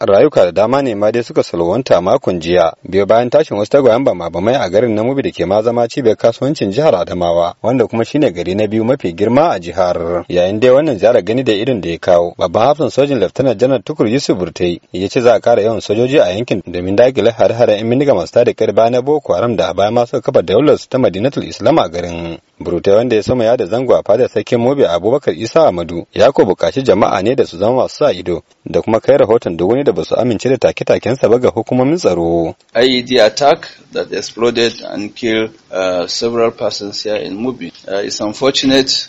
rayuka da dama ne ma dai suka salwanta makon jiya biyo bayan tashin wasu tagwayen bamabamai a garin namubi da ke ma zama cibiyar kasuwancin jihar adamawa wanda kuma shine gari na biyu mafi girma a jihar yayin dai wannan ziyarar gani da irin da ya kawo babban hafsan sojin laftanar janar tukur yusuf burtai ya ce za a kara yawan sojoji a yankin domin dakile hare hare yan bindiga masu tada karba na boko haram da a baya ma suka kafa daular su ta madinatul islam a garin Burute wanda ya sama ya da zango a fadar sarkin Mobi Abubakar Isa Amadu ya ko bukaci jama'a ne da su zama masu sa ido da kuma kai rahoton duk wani da ba su amince da take sa ba ga hukumomin tsaro. IED attack that exploded and killed uh, several persons here in Mobi uh, is unfortunate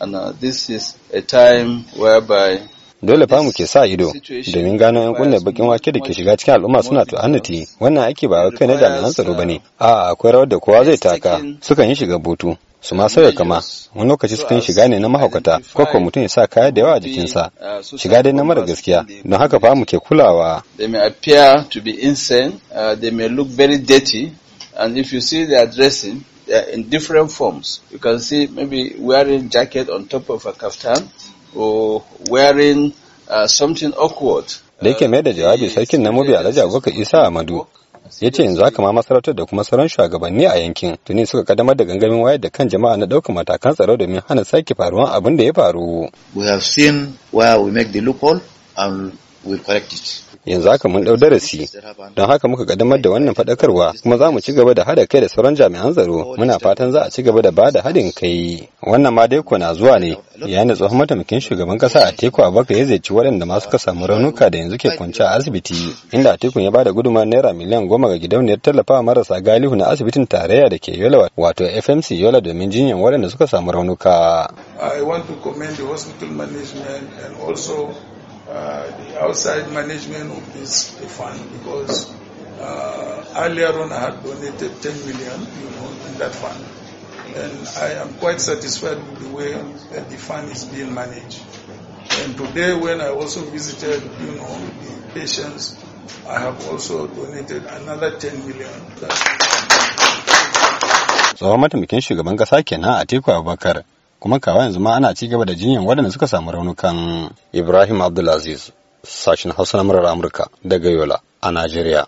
and uh, this is a time whereby dole fa mu ke sa ido domin gano yan kunne bakin wake da ke shiga cikin al'umma suna tu'annati wannan aiki ba kai na jami'an tsaro bane a'a akwai rawar da kowa zai taka sukan yi shiga butu su ma sauya kama wani lokaci cikin shiga ne na mahaukata ko kuma mutum ya sa kaya da yawa a jikinsa shiga dai na mara gaskiya don haka fa mu ke kulawa they may appear to be insane uh, they may look very dirty and if you see their dressing they are in different forms you can see maybe wearing jacket on top of a kaftan or wearing uh, something awkward da yake mai da jawabi sarkin namobi alhaji abubakar isa amadu ya ce yanzu haka ma masarautar da kuma sauran shugabanni a yankin tuni suka kaddamar da gangamin wayar da kan jama'a na ɗaukar matakan tsaro domin hana sake faruwan abin da ya faru. We have seen where we make the loophole and yanzu haka mun ɗau darasi don haka muka kaddamar da wannan faɗakarwa kuma za mu ci gaba da haɗa kai da sauran jami'an tsaro muna fatan za a ci gaba da ba da haɗin kai wannan ma dai na zuwa ne yayin da tsohon mataimakin shugaban ƙasa a teku baka ya zai ci waɗanda ma suka samu raunuka da yanzu ke kwanci a asibiti inda tekun ya ba da gudumar naira miliyan goma ga gidauniyar tallafawa marasa galihu na asibitin tarayya da ke yola wato fmc yola domin jinyan waɗanda suka samu raunuka. Uh, the outside management of this fund because uh, earlier on I had donated 10 million you know, in that fund. And I am quite satisfied with the way that the fund is being managed. And today when I also visited, you know, the patients, I have also donated another 10 million. That's tsohon mataimakin shugaban kasa kenan a teku abubakar kuma kawai yanzu ma ana ci gaba da jinyan waɗanda suka samu raunukan Ibrahim Abdulaziz sashen Hausa na murar Amurka daga Yola a Najeriya